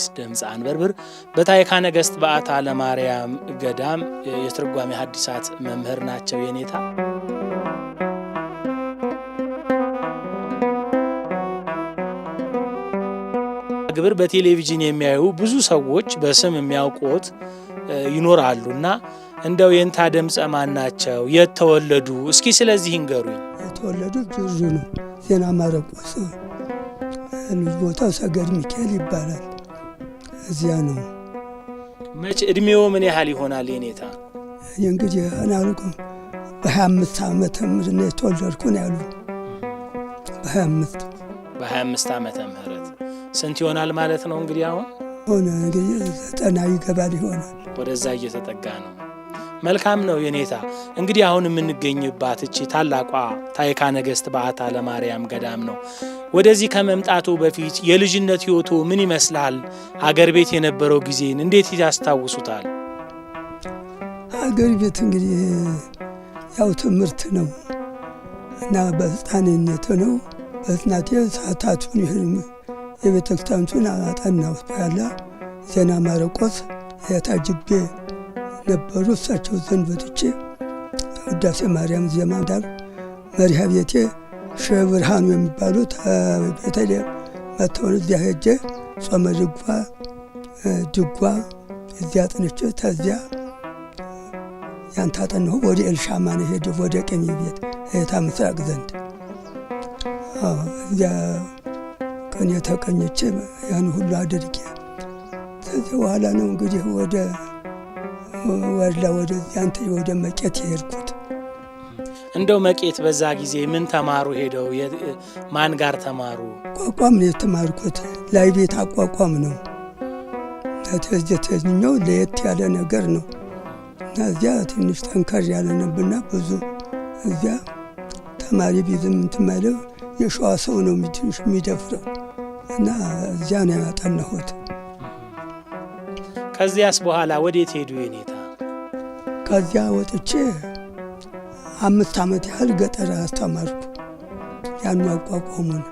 አዲስ ድምፅ አንበርብር በታይካ ነገሥት በዓታ ለማርያም ገዳም የትርጓሜ ሐዲሳት መምህር ናቸው የኔታ ግብር በቴሌቪዥን የሚያዩ ብዙ ሰዎች በስም የሚያውቁት ይኖራሉ እና እንደው የኔታ ድምፀ ማን ናቸው? የት ተወለዱ? እስኪ ስለዚህ ይንገሩኝ። የተወለዱ ብዙ ነው። ዜና ማረቆስ ቦታው ሰገድ ሚካኤል ይባላል። እዚያ ነው። መቼ እድሜዎ ምን ያህል ይሆናል የኔታ? እንግዲህ እናልኩ በሀያ አምስት ዓመተ ምህረት ነው የተወለድኩ ነው ያሉ። በሀያ አምስት በሀያ አምስት ዓመተ ምህረት ስንት ይሆናል ማለት ነው እንግዲህ አሁን ሆነ እንግዲህ ዘጠና ይገባል ይሆናል። ወደዛ እየተጠጋ ነው። መልካም ነው የኔታ። እንግዲህ አሁን የምንገኝባት እቺ ታላቋ ታይካ ነገሥት በዓታ ለማርያም ገዳም ነው። ወደዚህ ከመምጣቱ በፊት የልጅነት ሕይወቱ ምን ይመስላል? አገር ቤት የነበረው ጊዜን እንዴት ያስታውሱታል? አገር ቤት እንግዲህ ያው ትምህርት ነው እና በሕፃንነት ነው በሕፃንነቴ ሰዓታቱን ይህን የቤተ ክርስቲያኑን አጠናሁት። በኋላ ዜና ማረቆስ የታጅቤ ነበሩ። እሳቸው ዘንድ ወጥቼ ውዳሴ ማርያም ዜማ ዳር መሪሃ ቤቴ ሸብርሃኑ የሚባሉት ቤተልሔም መተውን እዚያ ሄጄ ጾመ ድጓ ድጓ እዚያ አጥንቼ ተዚያ ያን ታጠንሁ ወደ ኤልሻማ ነው ሄደ ወደ ቀኝ ቤት እህታ ምስራቅ ዘንድ እዚያ ቀን ተቀኝቼ ያን ሁሉ አድርጌ ከዚያ በኋላ ነው እንግዲህ ወደ ወላ ወደዚያ አንተ ወደ መቄት የሄድኩት እንደው መቄት በዛ ጊዜ ምን ተማሩ? ሄደው ማን ጋር ተማሩ? ቋቋም ነው የተማርኩት። ላይ ቤት አቋቋም ነው ተተዝተዝኛው ለየት ያለ ነገር ነው እና እዚያ ትንሽ ጠንከር ያለ ነብና ብዙ እዚያ ተማሪ ቢዝም የሸዋ ሰው ነው የሚደፍረው እና እዚያ ነው ያጠናሁት። ከዚያስ በኋላ ወዴት ሄዱ የኔታ? ከዚያ ወጥቼ አምስት ዓመት ያህል ገጠር አስተማርኩ። ያኑ አቋቋሙን።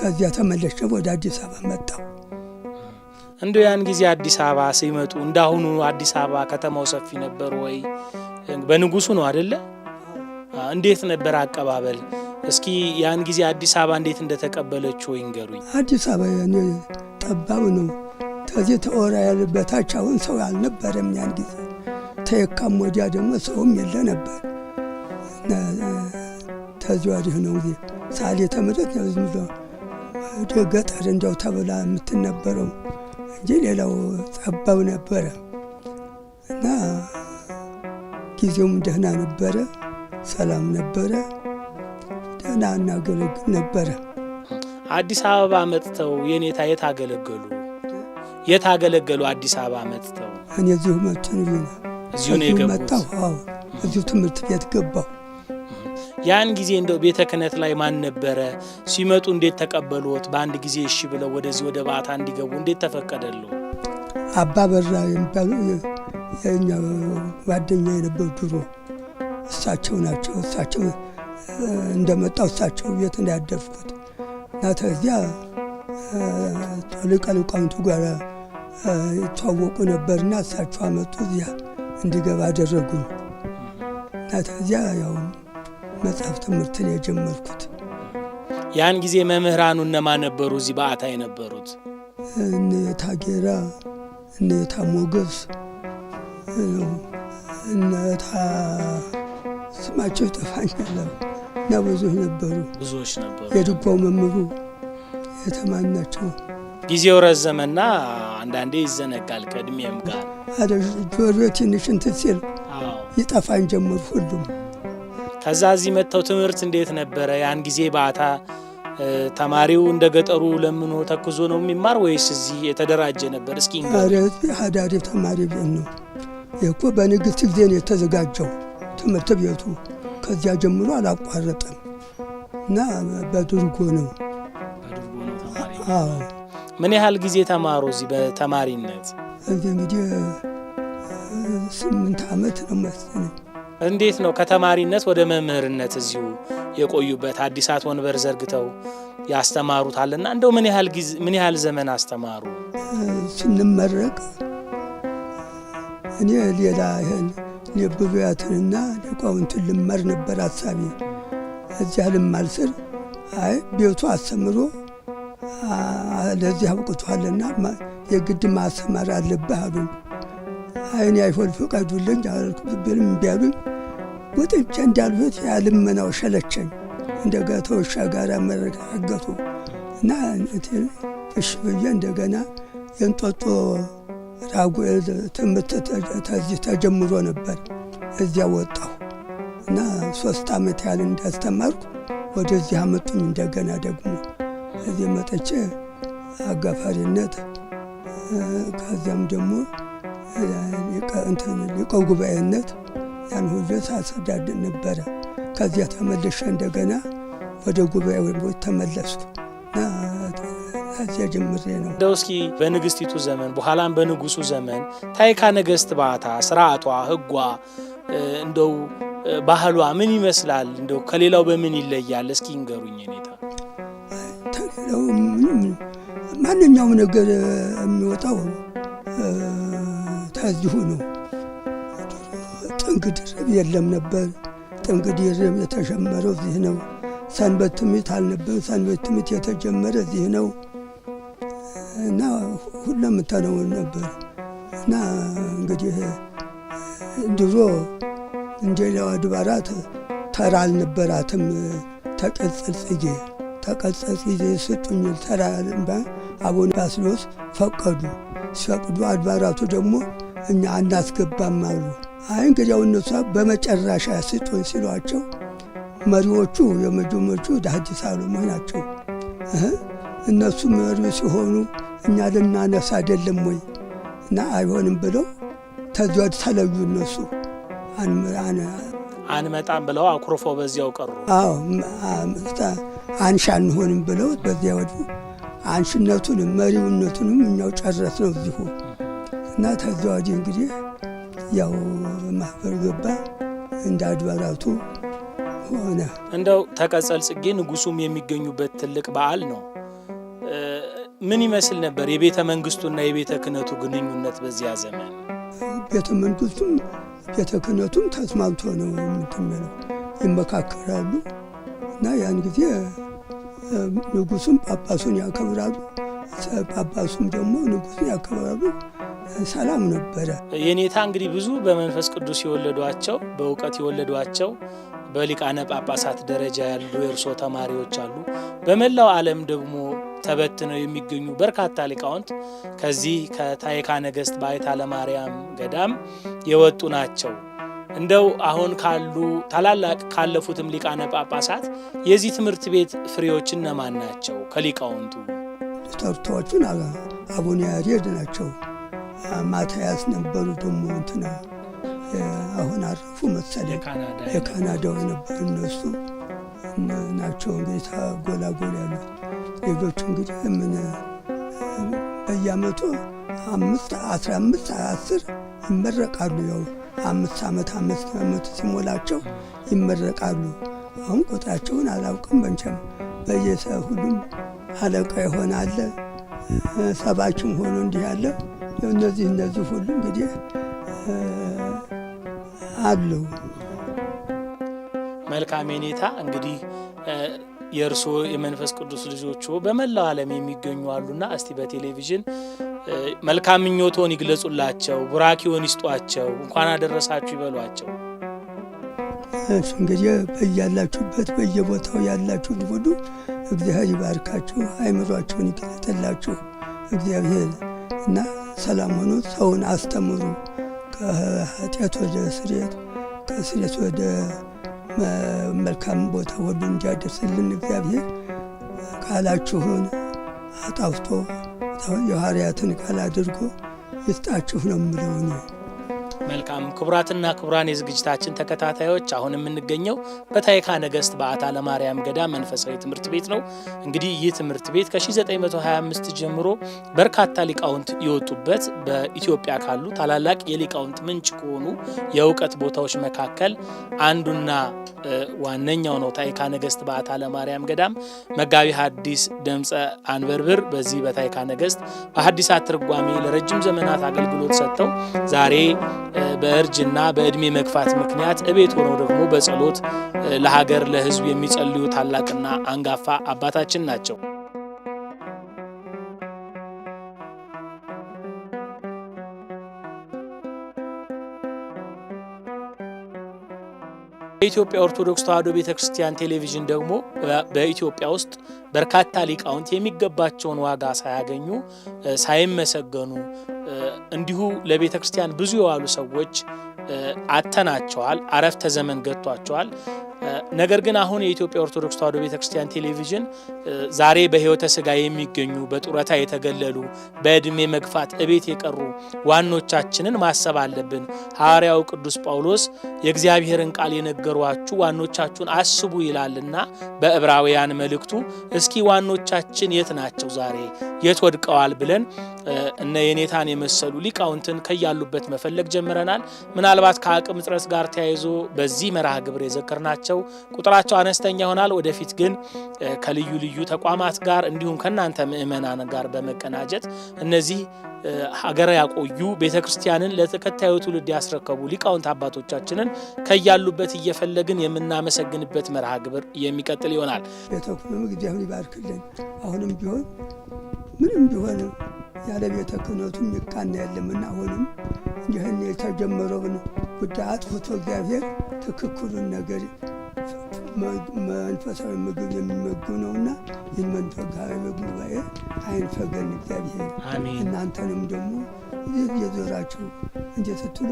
ከዚያ ተመለሸ ወደ አዲስ አበባ መጣሁ። እንዶ ያን ጊዜ አዲስ አበባ ሲመጡ እንዳሁኑ አዲስ አበባ ከተማው ሰፊ ነበር ወይ? በንጉሱ ነው አደለ? እንዴት ነበር አቀባበል? እስኪ ያን ጊዜ አዲስ አበባ እንዴት እንደተቀበለች ወይ ንገሩኝ። አዲስ አበባ ጠባብ ነው። ከዚህ ተወራያል በታች አሁን ሰው አልነበረም። ያን ጊዜ ተየካም ወዲያ ደግሞ ሰውም የለ ነበር። ተዚ ወዲህ ነው ጊዜ ሳሌ ተምረት ነው ዝም ብሎ ገጠር እንዲያው ተብላ የምትነበረው እንጂ ሌላው ጸባው ነበረ እና ጊዜውም ደህና ነበረ፣ ሰላም ነበረ፣ ደህና እናገለግል ነበረ። አዲስ አበባ መጥተው የኔታ የት አገለገሉ? የት አገለገሉ? አዲስ አበባ መጥተው እኔ እዚሁ መጥተን እዚሁ ነው የገቡት። አዎ እዚሁ ትምህርት ቤት ገባሁ። ያን ጊዜ እንደው ቤተ ክህነት ላይ ማን ነበረ? ሲመጡ እንዴት ተቀበሉት? በአንድ ጊዜ እሺ ብለው ወደዚህ ወደ ባታ እንዲገቡ እንዴት ተፈቀደሉ? አባ በራ የሚባሉ የኛ ጓደኛ የነበሩ ድሮ እሳቸው ናቸው። እሳቸው እንደመጣው እሳቸው ቤት እንዳያደርኩት እና ተዚያ ሊቀ ሊቃውንቱ ጋር ይተዋወቁ ነበርና እሳቸው አመጡ። እዚያ እንዲገባ አደረጉ። እና ያው መጽሐፍ ትምህርትን የጀመርኩት ያን ጊዜ መምህራኑ እነማን ነበሩ? እዚህ በአታ የነበሩት እነ ታጌራ፣ እነ ታሞገስ፣ ስማቸው ይጠፋኛል እና ብዙ ነበሩ፣ ብዙዎች ነበሩ። የድጓው መምሩ የተማናቸው ጊዜው ረዘመና አንዳንዴ ይዘነጋል። ከእድሜም ጋር አደ ጆሮ ትንሽ እንትን ሲል ይጠፋን ጀምር ሁሉም። ከዛ እዚህ መጥተው ትምህርት እንዴት ነበረ ያን ጊዜ? በአታ ተማሪው እንደ ገጠሩ ለምኖ ተክዞ ነው የሚማር ወይስ እዚህ የተደራጀ ነበር? እስኪ አዳሪ ተማሪ ቤት ነው እኮ በንግሥት ጊዜ ነው የተዘጋጀው ትምህርት ቤቱ። ከዚያ ጀምሮ አላቋረጠም እና በድርጎ ነው ምን ያህል ጊዜ ተማሩ? እዚህ በተማሪነት እንግዲህ ስምንት ዓመት ነው መሰለኝ። እንዴት ነው ከተማሪነት ወደ መምህርነት እዚሁ የቆዩበት? አዲሳት ወንበር ዘርግተው ያስተማሩታልና እንደው ምን ያህል ምን ያህል ዘመን አስተማሩ? ስንመረቅ እኔ ሌላ ይህን የብሉያትንና ሊቃውንትን ልመር ነበር ሀሳቤ። እዚያ ልማር አይ ቤቱ አስተምሮ ለዚህ አውቅቷልና የግድ ማሰማር አለብህ አሉ። አይን አይሆን ፍቀዱልኝ አልኩ። ብንም እምቢ አሉኝ። ወጥቼ እንዳልሁት ያልመናው ሸለቸኝ። እንደ ገተውሻ ጋር መረጋገቱ እና እሺ ብዬ እንደገና የእንጦጦ ራጉኤል ትምህርት ተዚህ ተጀምሮ ነበር። እዚያ ወጣሁ እና ሶስት ዓመት ያህል እንዳስተማርኩ ወደዚህ አመጡኝ እንደገና ደግሞ እዚህ መጥቼ አጋፋሪነት ከዚያም ደግሞ ሊቀ ጉባኤነት ያን ሁሉ ሳስተዳድር ነበረ። ከዚያ ተመልሼ እንደገና ወደ ጉባኤ ወይም ተመለስኩ። ከዚያ ጀምሬ ነው። እንደው እስኪ በንግስቲቱ ዘመን በኋላም በንጉሱ ዘመን ታይካ ነገስት ባታ ስርዓቷ፣ ህጓ፣ እንደው ባህሏ ምን ይመስላል? እንደው ከሌላው በምን ይለያል? እስኪ ንገሩኝ ኔታ ማንኛውም ነገር የሚወጣው ተዚሁ ነው። ጥንግ ድርብ የለም ነበር። ጥንግ ድርብ የተጀመረው እዚህ ነው። ሰንበት ትምህርት አልነበር። ሰንበት ትምህርት የተጀመረ እዚህ ነው እና ሁሉም ተነውን ነበር እና እንግዲህ ድሮ እንደ ሌላው አድባራት ተራ አልነበራትም ተቀጽል ጽጌ ተቀጸጽ ጊዜ ስጡኝ ተራባ አቡነ ባስሎስ ፈቀዱ። ሲፈቅዱ አድባራቱ ደግሞ እኛ አናስገባም አሉ። አይ እንግዲያው እነሷ በመጨረሻ ስጡኝ ሲሏቸው መሪዎቹ የመጀመሪያዎቹ ሐጂ ሳሎሞን ናቸው። እነሱ መሪ ሲሆኑ እኛ ልናነሳ አይደለም ወይ እና አይሆንም ብለው ተዘድ ተለዩ እነሱ አንመጣም ብለው አኩርፎ በዚያው ቀሩ። አዎ አንሺ አንሆንም ብለው በዚያ ወዱ አንሽነቱንም መሪውነቱንም እኛው ጨረስ ነው እዚሁ እና ተዛዋጅ እንግዲህ ያው ማህበር ገባ እንደ አድባራቱ ሆነ። እንደው ተቀጸል ጽጌ ንጉሱም የሚገኙበት ትልቅ በዓል ነው። ምን ይመስል ነበር የቤተ መንግስቱና የቤተ ክህነቱ ግንኙነት በዚያ ዘመን? ቤተ መንግስቱም ቤተ ክህነቱም ተስማምቶ ነው የምትመለው ይመካከራሉ። እና ያን ጊዜ ንጉሱም ጳጳሱን ያከብራሉ፣ ጳጳሱም ደግሞ ንጉሱን ያከብራሉ። ሰላም ነበረ። የኔታ እንግዲህ ብዙ በመንፈስ ቅዱስ የወለዷቸው በእውቀት የወለዷቸው በሊቃነ ጳጳሳት ደረጃ ያሉ የእርሶ ተማሪዎች አሉ። በመላው ዓለም ደግሞ ተበትነው የሚገኙ በርካታ ሊቃውንት ከዚህ ከታይካ ነገሥት ባይታ ለማርያም ገዳም የወጡ ናቸው። እንደው አሁን ካሉ ታላላቅ ካለፉትም ሊቃነ ጳጳሳት የዚህ ትምህርት ቤት ፍሬዎች እነማን ናቸው? ከሊቃውንቱ ተርታዎቹን አቡነ ያሬድ ናቸው። ማታያስ ነበሩ። ደግሞ እንትና አሁን አረፉ መሰለኝ የካናዳው የነበሩ እነሱ ናቸው። እንግዲህ ጎላጎል ያሉት ሌሎቹ እንግዲህ ምን በየአመቱ አምስት አስራ አምስት አስር ይመረቃሉ። ያው አምስት አመት አምስት ዓመት ሲሞላቸው ይመረቃሉ። አሁን ቁጥራቸውን አላውቅም። በንቸም በየሰ ሁሉም አለቃ የሆነ አለ ሰባችም ሆኖ እንዲህ አለ። እነዚህ እነዚህ ሁሉ እንግዲህ አሉ። መልካም ኔታ እንግዲህ የእርስዎ የመንፈስ ቅዱስ ልጆች በመላው ዓለም የሚገኙ አሉና እስቲ በቴሌቪዥን መልካም ምኞቶን ይግለጹላቸው፣ ቡራኪዎን ይስጧቸው፣ እንኳን አደረሳችሁ ይበሏቸው። እንግዲህ በያላችሁበት በየቦታው ያላችሁን ሁሉ እግዚአብሔር ይባርካችሁ፣ አይምሯችሁን ይገለጠላችሁ እግዚአብሔር እና ሰላም ሆኑ። ሰውን አስተምሩ ከኃጢአት ወደ ስሬት ከስሬት ወደ መልካም ቦታ ወዶ እንዲያደርስልን እግዚአብሔር ቃላችሁን አጣፍጦ የሐዋርያትን ቃል አድርጎ ይስጣችሁ ነው የምለው። መልካም ክቡራትና ክቡራን የዝግጅታችን ተከታታዮች አሁን የምንገኘው በታይካ ነገስት በአታ ለማርያም ገዳም መንፈሳዊ ትምህርት ቤት ነው። እንግዲህ ይህ ትምህርት ቤት ከ1925 ጀምሮ በርካታ ሊቃውንት የወጡበት በኢትዮጵያ ካሉ ታላላቅ የሊቃውንት ምንጭ ከሆኑ የእውቀት ቦታዎች መካከል አንዱና ዋነኛው ነው። ታይካ ነገስት በዓታ ለማርያም ገዳም መጋቢ ሀዲስ ደምፀ አንበርብር በዚህ በታይካ ነገስት በሀዲስ አትርጓሜ ለረጅም ዘመናት አገልግሎት ሰጥተው ዛሬ በእርጅና በእድሜ መግፋት ምክንያት እቤት ሆነው ደግሞ በጸሎት ለሀገር ለሕዝብ የሚጸልዩ ታላቅና አንጋፋ አባታችን ናቸው። የኢትዮጵያ ኦርቶዶክስ ተዋሕዶ ቤተ ክርስቲያን ቴሌቪዥን ደግሞ በኢትዮጵያ ውስጥ በርካታ ሊቃውንት የሚገባቸውን ዋጋ ሳያገኙ ሳይመሰገኑ እንዲሁ ለቤተ ክርስቲያን ብዙ የዋሉ ሰዎች አተናቸዋል። አረፍተ ዘመን ገጥቷቸዋል። ነገር ግን አሁን የኢትዮጵያ ኦርቶዶክስ ተዋሕዶ ቤተክርስቲያን ቴሌቪዥን ዛሬ በሕይወተ ሥጋ የሚገኙ በጡረታ የተገለሉ በዕድሜ መግፋት እቤት የቀሩ ዋኖቻችንን ማሰብ አለብን። ሐዋርያው ቅዱስ ጳውሎስ የእግዚአብሔርን ቃል የነገሯችሁ ዋኖቻችሁን አስቡ ይላልና በዕብራውያን መልእክቱ እስኪ ዋኖቻችን የት ናቸው? ዛሬ የት ወድቀዋል? ብለን እነ የኔታን የመሰሉ ሊቃውንትን ከያሉበት መፈለግ ጀምረናል። ምናልባት ከአቅም እጥረት ጋር ተያይዞ በዚህ መርሃ ግብር የዘከርናቸው ናቸው። ቁጥራቸው አነስተኛ ይሆናል። ወደፊት ግን ከልዩ ልዩ ተቋማት ጋር እንዲሁም ከእናንተ ምእመናን ጋር በመቀናጀት እነዚህ ሀገር ያቆዩ ቤተ ክርስቲያንን ለተከታዩ ትውልድ ያስረከቡ ሊቃውንት አባቶቻችንን ከያሉበት እየፈለግን የምናመሰግንበት መርሃ ግብር የሚቀጥል ይሆናል። ቤተክህነቱን እግዚአብሔር ይባርክልን። አሁንም ቢሆን ምንም ቢሆን ያለ ቤተ ክህነቱ የሚቃና የለምና አሁንም ይህን የተጀመረውን ጉዳይ አጥፍቶ እግዚአብሔር ትክክሉን ነገር መንፈሳዊ ምግብ የሚመግብ ነው ነውና ይህ መንፈሳዊ ጉባኤ አይንፈገን እግዚአብሔር እናንተንም ደግሞ ይህ የዞራችሁ ስትሉ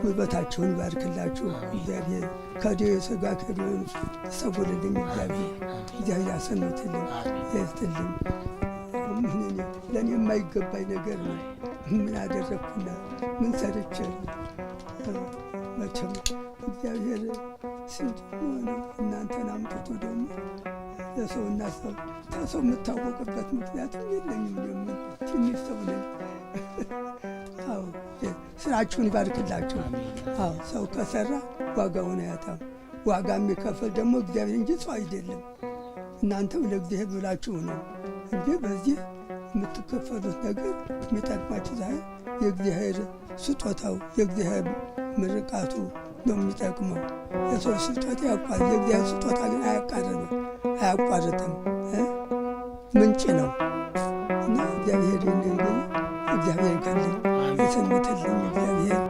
ጉልበታቸውን ይባርክላችሁ እግዚአብሔር። ከዲ የሥጋ ከዲሆን ይሰውርልኝ እግዚአብሔር። እግዚአብሔር ያሰኑትልን ያስትልኝ። ለእኔ የማይገባኝ ነገር ነው። ምን አደረግኩና ምን ሰርቼ መቼም እግዚአብሔር ስንቱ እናንተን አምጥቶ ደግሞ ለሰው ሰው የምታወቅበት ምክንያቱም የለኝም የምን ትንሽ ሰው ነኝ። አዎ ስራችሁን ይባርክላችሁ። አዎ ሰው ከሰራ ዋጋውን አያጣም። ዋጋ የሚከፈል ደግሞ እግዚአብሔር እንጂ ሰው አይደለም። እናንተም ለእግዚአብሔር ብላችሁ ነው እንጂ በዚህ የምትከፈሉት ነገር የሚጠቅማችሁ ዛሬ የእግዚአብሔር ስጦታው የእግዚአብሔር ምርቃቱ ነው የሚጠቅመው። የሰው ስጦት ያቋል፣ የእግዚአብሔር ስጦታ ግን አያቋርጥም አያቋርጥም፣ ምንጭ ነው እና እግዚአብሔር ይህንን እግዚአብሔር ይገልኝ ይሰንብትልኝ እግዚአብሔር